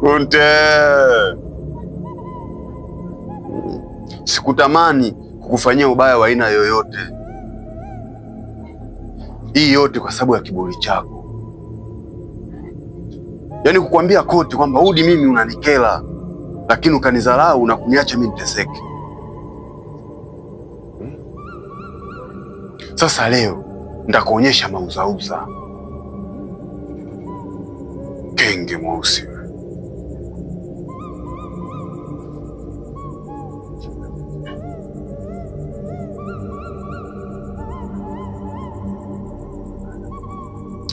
Kunte. Sikutamani kukufanyia ubaya wa aina yoyote. Hii yote kwa sababu ya kiburi chako, yaani kukwambia koti kwamba Udi, mimi unanikela, lakini ukanidharau na kuniacha mimi niteseke. Sasa leo ndakuonyesha mauzauza kenge mweusi.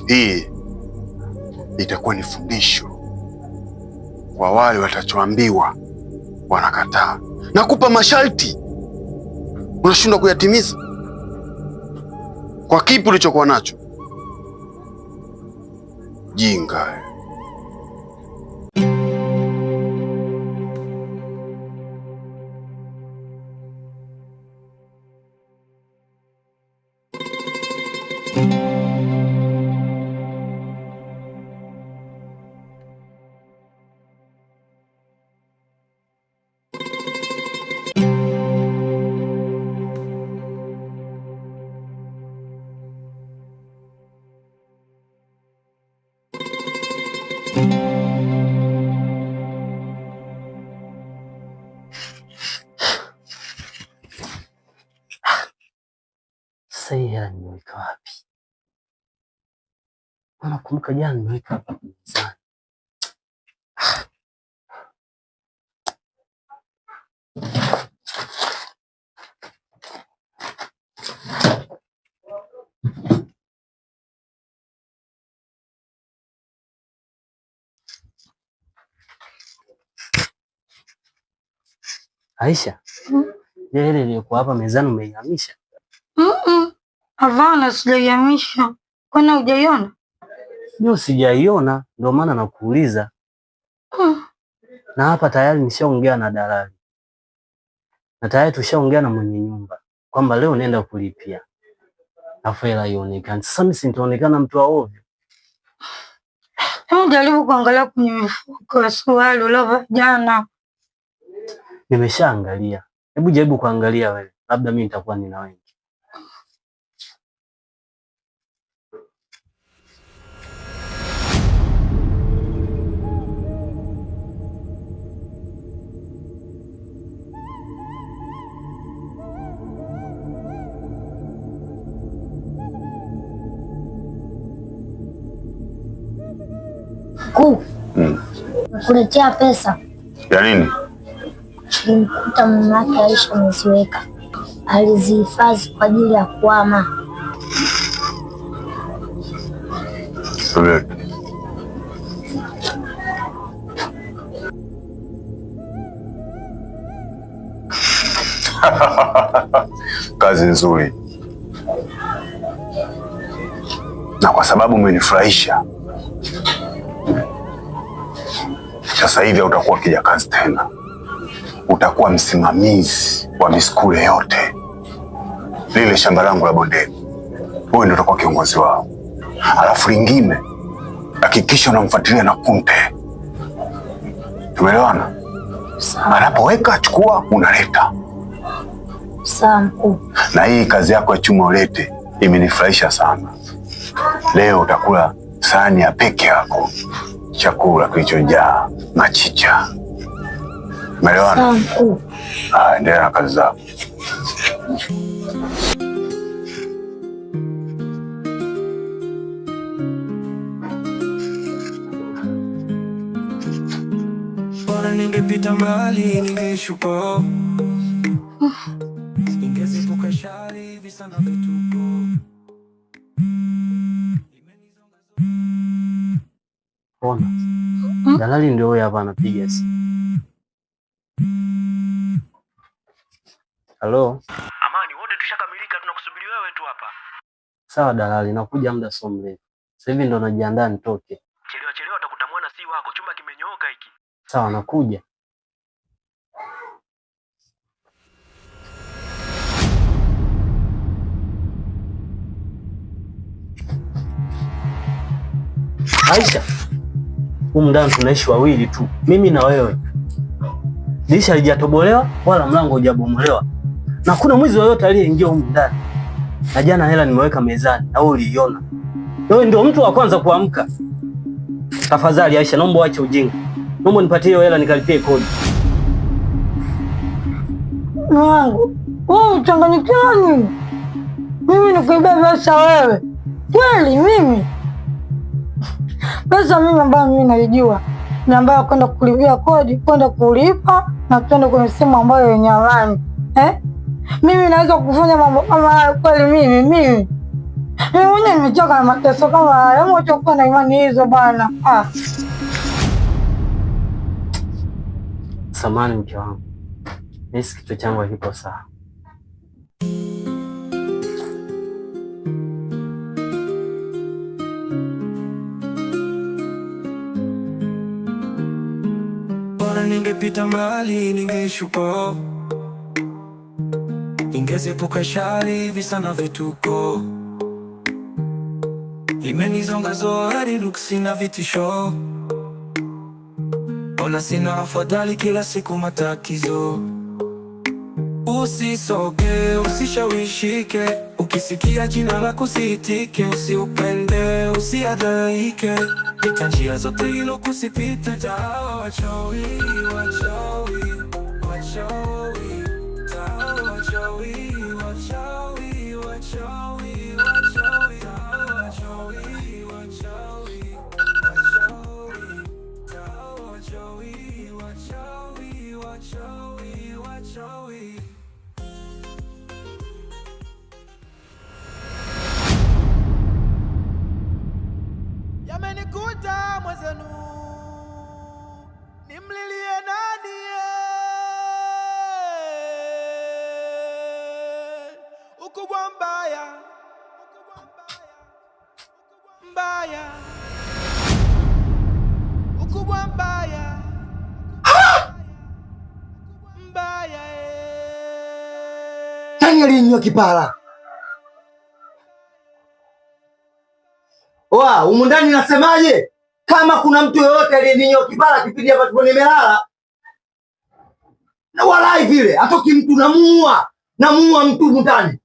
Hii itakuwa ni fundisho kwa wale watachoambiwa wanakataa. Nakupa masharti unashindwa kuyatimiza kwa kipi ulichokuwa nacho, jinga. Sai hela nimeweka wapi? Nakumbuka jana nimeweka hapa mezani. Aisha, ile ile iliyokuwa hapa mezani umeihamisha? Hapana, sijaihamisha. Kwani hujaiona? Ndio, sijaiona, ndio maana nakuuliza. Hmm. Na hapa tayari nishaongea na dalali na tayari tushaongea na mwenye nyumba kwamba leo naenda kulipia, afu hela ionekane. Sasa mimi sintaonekana mtu wa ovyo. Hebu jaribu kuangalia kwenye mifuko ya suruali ulovaa jana Nimeshaangalia. Hebu jaribu kuangalia wewe, labda mimi nitakuwa nina wengi. Kuu, hmm. Kuletea pesa ya nini? Nilimkuta mama Aisha ameziweka, alizihifadhi kwa ajili ya kuama. Kazi nzuri, na kwa sababu umenifurahisha, sasa hivi hautakuwa kijakazi tena utakuwa msimamizi wa miskule yote. Lile shamba langu la bondeni, wewe ndio utakuwa kiongozi wao. Alafu lingine, hakikisha unamfuatilia na kunte. Tumeelewana? Anapoweka chukua unaleta. Sawa mkuu. Na hii kazi yako ya chuma ulete imenifurahisha sana. Leo utakula sahani ya peke yako, chakula kilichojaa machicha. Umeelewana? Ah, ah, endelea na kazi zako. Ningepita mbali ningeshuka, ningezipuka shari visa na vituko. Ona, hmm? dalali ndio huyo hapa anapiga simu. Halo Amani, wote tushakamilika, tunakusubiri wewe tu hapa. Sawa dalali, nakuja muda sio mrefu. Sasa hivi ndo najiandaa nitoke. Chelewa chelewa utakuta mwana si wako, chumba kimenyooka hiki. Sawa, nakuja. Aisha, humu ndani tunaishi wawili tu, mimi na wewe. Dirisha halijatobolewa wala mlango hujabomolewa na hakuna mwizi yoyote aliyeingia humu ndani, na jana hela nimeweka mezani na wewe uliiona. Wewe ndio mtu wa kwanza kuamka. Tafadhali Aisha, naomba uache ujinga, naomba nipatie hiyo hela nikalipie kodi. Mwanangu wewe uchanganyikiwa nini? Mimi nikuibia pesa wewe kweli? Mimi pesa mimi ambayo mimi naijua ni ambayo kwenda kulipia kodi, kwenda kulipa na kwenda kwenye simu ambayo yenye eh? Mimi naweza kufanya mambo kama haya kweli? Mimi mimi mimi mwenye nimechoka na mateso kama haya Mochokuwa na imani hizo bana. Ah, samani mke wangu, nisi kichwa changu hakipo sawa. ningepita mbali ningeshuka Ningezepuka shari hivi sana vituko, imenizonga zohari nuksi na vitisho, ona sina afadhali kila siku matakizo. Usisoge, usishawishike, ukisikia jina lako usiitike, usiupende, usiadaike, pita njia zote ilo kusipita. Wachawi, wachawi, wachawi nyo kipara wa humu ndani. Nasemaje? kama kuna mtu yoyote aliyeninywa kipara kipindi hapa tupo nimelala na walai vile atoki mtu, namuua namuua mtu mundani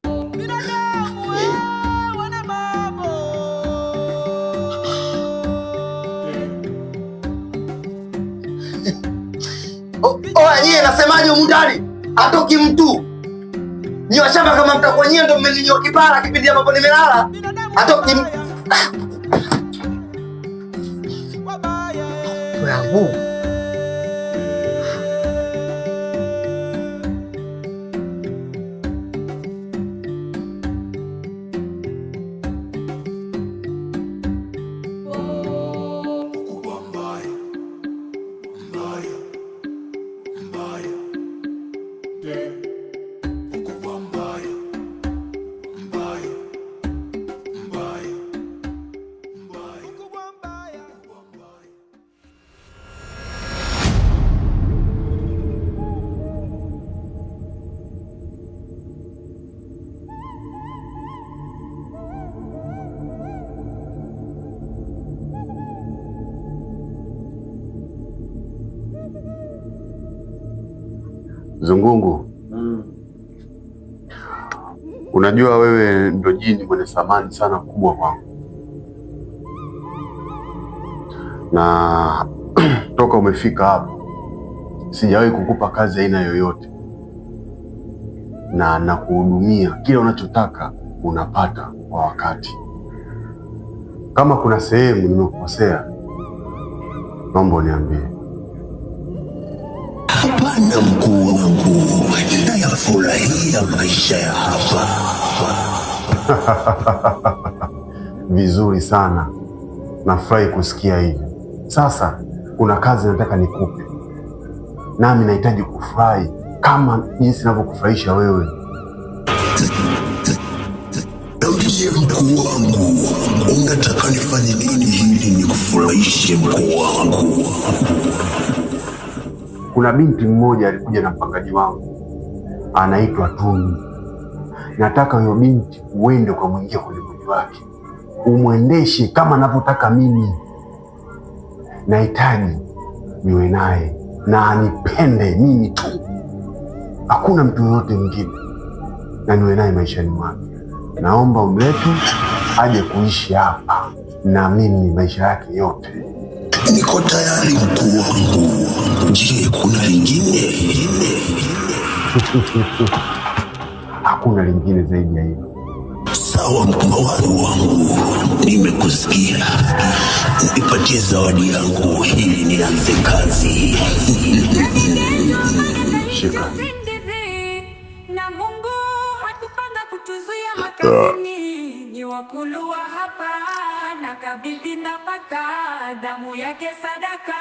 oa nyie, nasemaje? Mundani atoki mtu Nyie washamba kama mtakuwa nyie ndio mmeninywa kipara kipindi ambapo nimelala. Hata ukim... Ngungu, mm. Unajua wewe ndio jini mwenye thamani sana kubwa kwangu na toka umefika hapo sijawahi kukupa kazi aina yoyote, na nakuhudumia kila unachotaka unapata kwa wakati. Kama kuna sehemu nimekukosea, naomba uniambie. Hapana mkuu wangu, nayafurahia maisha ya hapa. Vizuri sana, nafurahi kusikia hivyo. Sasa kuna kazi nataka nikupe, nami nahitaji kufurahi kama jinsi navyokufurahisha wewe. Je, mkuu wangu, unataka nifanye nini ili nikufurahishe mkuu wangu? Kuna binti mmoja alikuja na mpangaji wangu anaitwa Tumi. Nataka huyo binti uende ukamwingia kwenye mwili wake, umwendeshe kama anavyotaka mimi. Nahitaji niwe naye na anipende mimi tu, hakuna mtu yoyote mwingine, na niwe naye maishani mwake. Naomba umlete aje kuishi hapa na mimi maisha yake yote. Niko tayari hakuna lingine hakuna lingine zaidi ya hilo sawa mpumbawazi wangu nimekusikia nipatie zawadi yangu hili nianze kazi shika baraka, binti napaka damu yake sadaka,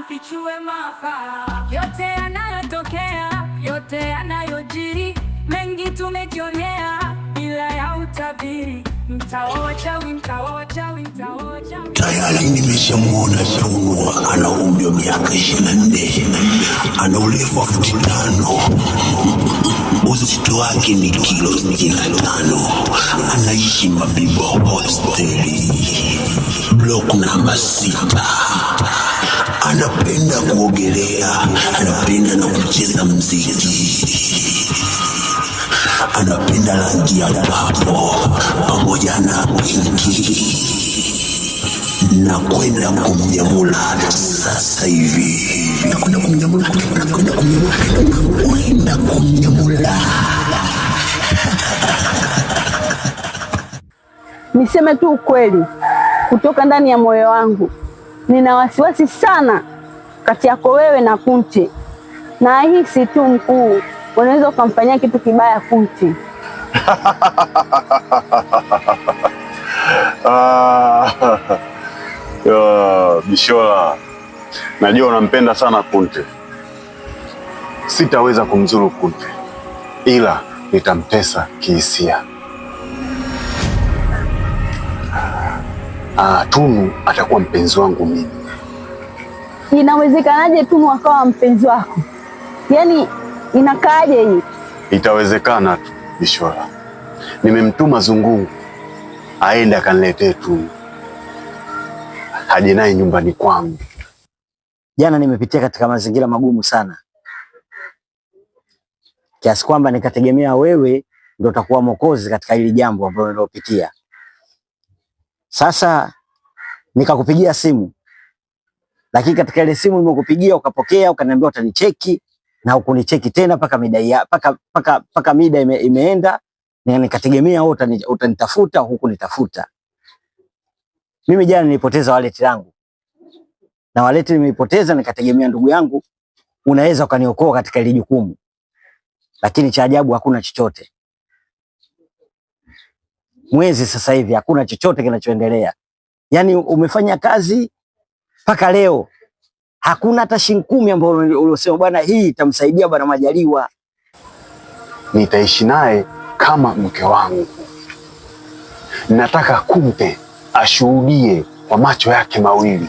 mfichue maafa. Yote yanayotokea, yote yanayojiri, mengi tumejionea bila ya utabiri. Mtaocha, mtaocha, mtaocha. Tayari nimeshamuona Sauwa, ana umri wa miaka ishirini na nne, ana urefu wa futi tano uzito wake ni kilo 65. Anaishi Mabibo hosteli blok namba sita. Anapenda kuogelea, anapenda na kucheza mziki, anapenda rangi ya papo pamoja na pinki na kwenda kumnyamula sasa hivi, nakwenda kumnyamula, Niseme tu ukweli kutoka ndani ya moyo wangu, nina wasiwasi sana kati yako wewe na Kunti, na hisi tu mkuu, unaweza ukamfanyia kitu kibaya Kunti. Bishola, najua unampenda sana Kunte. Sitaweza kumzuru Kunte, ila nitamtesa kihisia. Ah, Tunu atakuwa mpenzi wangu mimi. Inawezekanaje Tunu akawa mpenzi wako? Yaani inakaaje hii? Itawezekana tu Bishola, nimemtuma Zungungu aende akaniletee Tunu aje naye nyumbani kwangu. Jana nimepitia katika mazingira magumu sana, kiasi kwamba nikategemea wewe ndio utakuwa mwokozi katika hili jambo ambalo nilopitia. Sasa nikakupigia simu, lakini katika ile simu nimekupigia ukapokea, ukaniambia utanicheki na ukunicheki tena paka mida ya paka paka paka mida ime, imeenda, na nikategemea wewe utanitafuta huku nitafuta mimi jana nilipoteza wallet yangu. Na wallet nilipoteza nikategemea ndugu yangu unaweza ukaniokoa katika ile jukumu. Lakini cha ajabu hakuna chochote. Mwezi sasa hivi hakuna chochote kinachoendelea. Yaani umefanya kazi mpaka leo. Hakuna hata shilingi kumi ambayo uliosema bwana, hii itamsaidia bwana Majaliwa. Nitaishi naye kama mke wangu. Nataka kumpe ashuhudie kwa macho yake mawili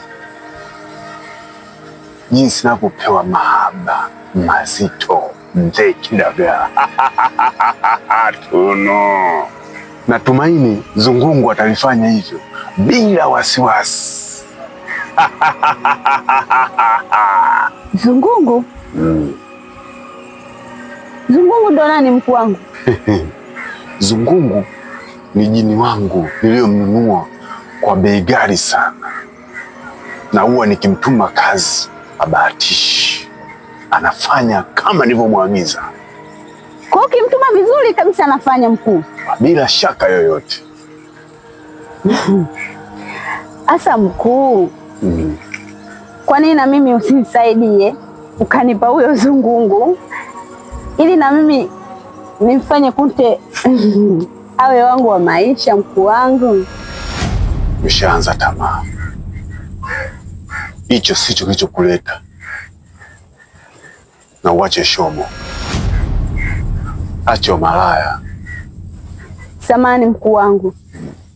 jinsi ninavyopewa mahaba mazito mzekidaga tuno. Natumaini Zungungu atalifanya hivyo bila wasiwasi. Zungungu mm. Zungungu ndo nani mkuu wangu? Zungungu ni jini wangu niliyomnunua kwa bei ghali sana, na huwa nikimtuma kazi abahatishi, anafanya kama nilivyomwagiza. Kwa hiyo ukimtuma vizuri kabisa anafanya, mkuu, bila shaka yoyote. Asa mkuu, mm. Kwa nini na mimi usinisaidie ukanipa huyo zungungu ili na mimi nimfanye Kunte awe wangu wa maisha, mkuu wangu? Umeshaanza tamaa, hicho sicho kilichokuleta, na uache shomo, acha malaya. Samani mkuu wangu,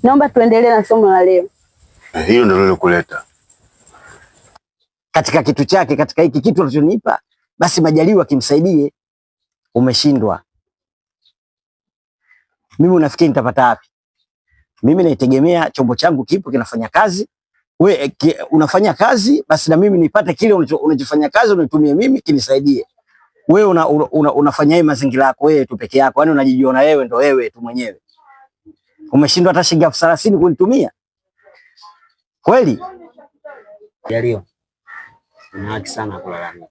naomba tuendelee na somo la leo. Eh, hiyo ndio lilokuleta katika kitu chake, katika hiki kitu alichonipa, basi Majaliwa kimsaidie. Umeshindwa, mimi unafikiri nitapata wapi? mimi naitegemea chombo changu kipo kinafanya kazi, we eh, ki, unafanya kazi basi na mimi nipate kile unachofanya kazi, unitumie mimi kinisaidie. Wewe una, una, una, unafanya hii mazingira yako wewe tu peke yako, yani unajijiona wewe ndo wewe tu mwenyewe. Umeshindwa hata shilingi elfu thelathini kunitumia kweli? Yaliyo una haki sana kulalamika,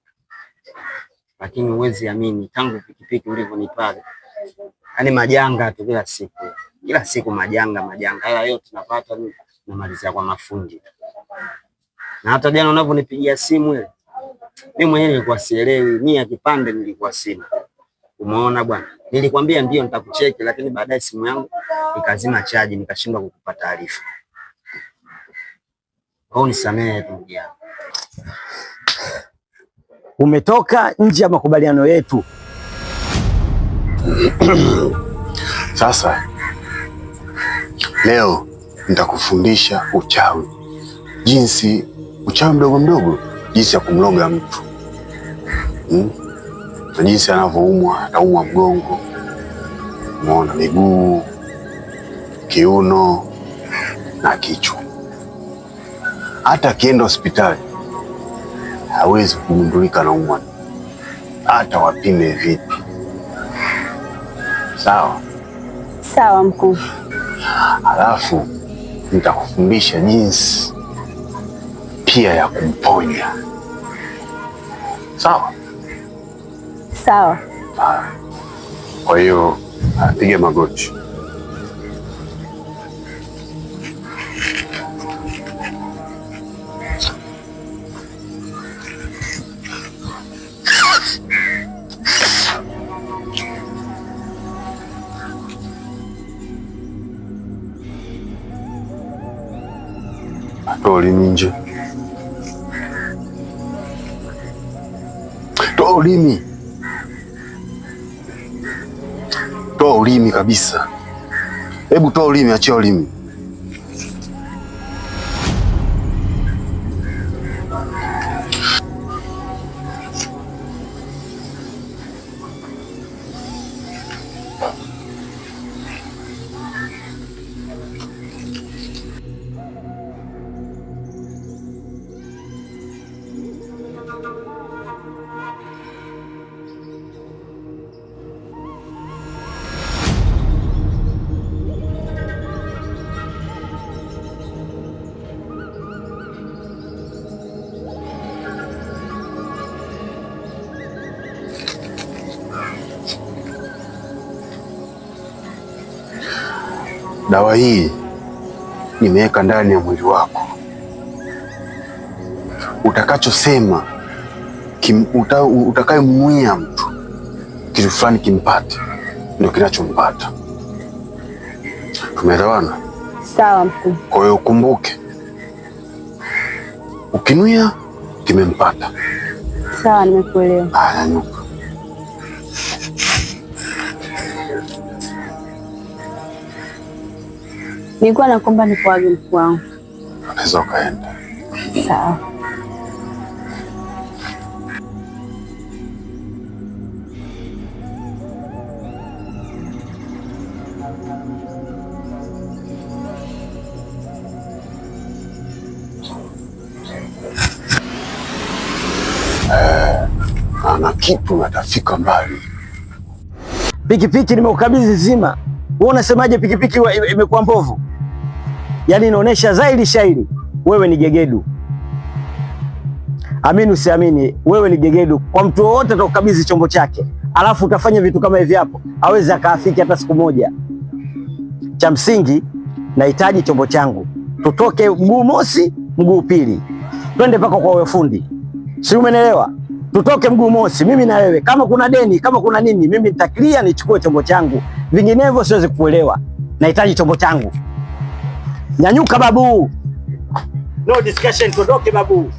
lakini uwezi amini tangu pikipiki ulivyonipa, yani majanga tu kila siku kila siku majanga majanga haya yote tunapata, namalizia kwa mafundi. Na hata jana unavyonipigia simu ile, mimi mwenyewe nilikuwa sielewi, mimi ya kipande nilikuwa sina. Umeona bwana, nilikwambia ndio nitakucheki, lakini baadaye simu yangu ikazima chaji, nikashindwa kukupa taarifa. Kwa nisamehe tu ndugu yangu. Umetoka nje ya makubaliano yetu. Sasa Leo nitakufundisha uchawi, jinsi uchawi mdogo mdogo, jinsi ya kumloga mtu hmm? na jinsi anavyoumwa, ataumwa mgongo, umeona, miguu, kiuno na kichwa. Hata akienda hospitali hawezi kugundulika na umwa, hata wapime vipi. Sawa sawa, mkuu alafu nitakufundisha jinsi pia ya kumponya. Sawa sawa. Kwa hiyo apige magoti. Toli nje. Toa ulimi, toa ulimi kabisa. Hebu toa ulimi, achia ulimi. dawa hii nimeweka ndani ya mwili wako. Utakachosema uta, utakayemwia mtu kitu fulani kimpate, ndio kinachompata. Tumeelewana? Sawa mkuu. Kwa hiyo ukumbuke, ukinuia kimempata. Sawa, nimekuelewa. nilikuwa nakomba nikuage mkuu wangu. Unaweza ukaenda. Sawa. Eh, kitu natafika mbali. Pikipiki nimeukabidhi zima. Wewe unasemaje pikipiki imekuwa mbovu? yaani inaonyesha zaidi shairi, wewe ni gegedu. Amini usiamini, wewe ni gegedu. Kwa mtu wowote atakukabidhi chombo chake, alafu utafanya vitu kama hivi hapo, awezi akaafiki hata siku moja. Cha msingi, nahitaji chombo changu, tutoke mguu mosi mguu pili, twende mpaka kwa wewe fundi, si umenelewa? Tutoke mguu mosi, mimi na wewe. Kama kuna deni, kama kuna nini, mimi nitaklia nichukue chombo changu, vinginevyo siwezi kuelewa. Nahitaji chombo changu. Nyanyuka babu. No discussion, kondoke babu.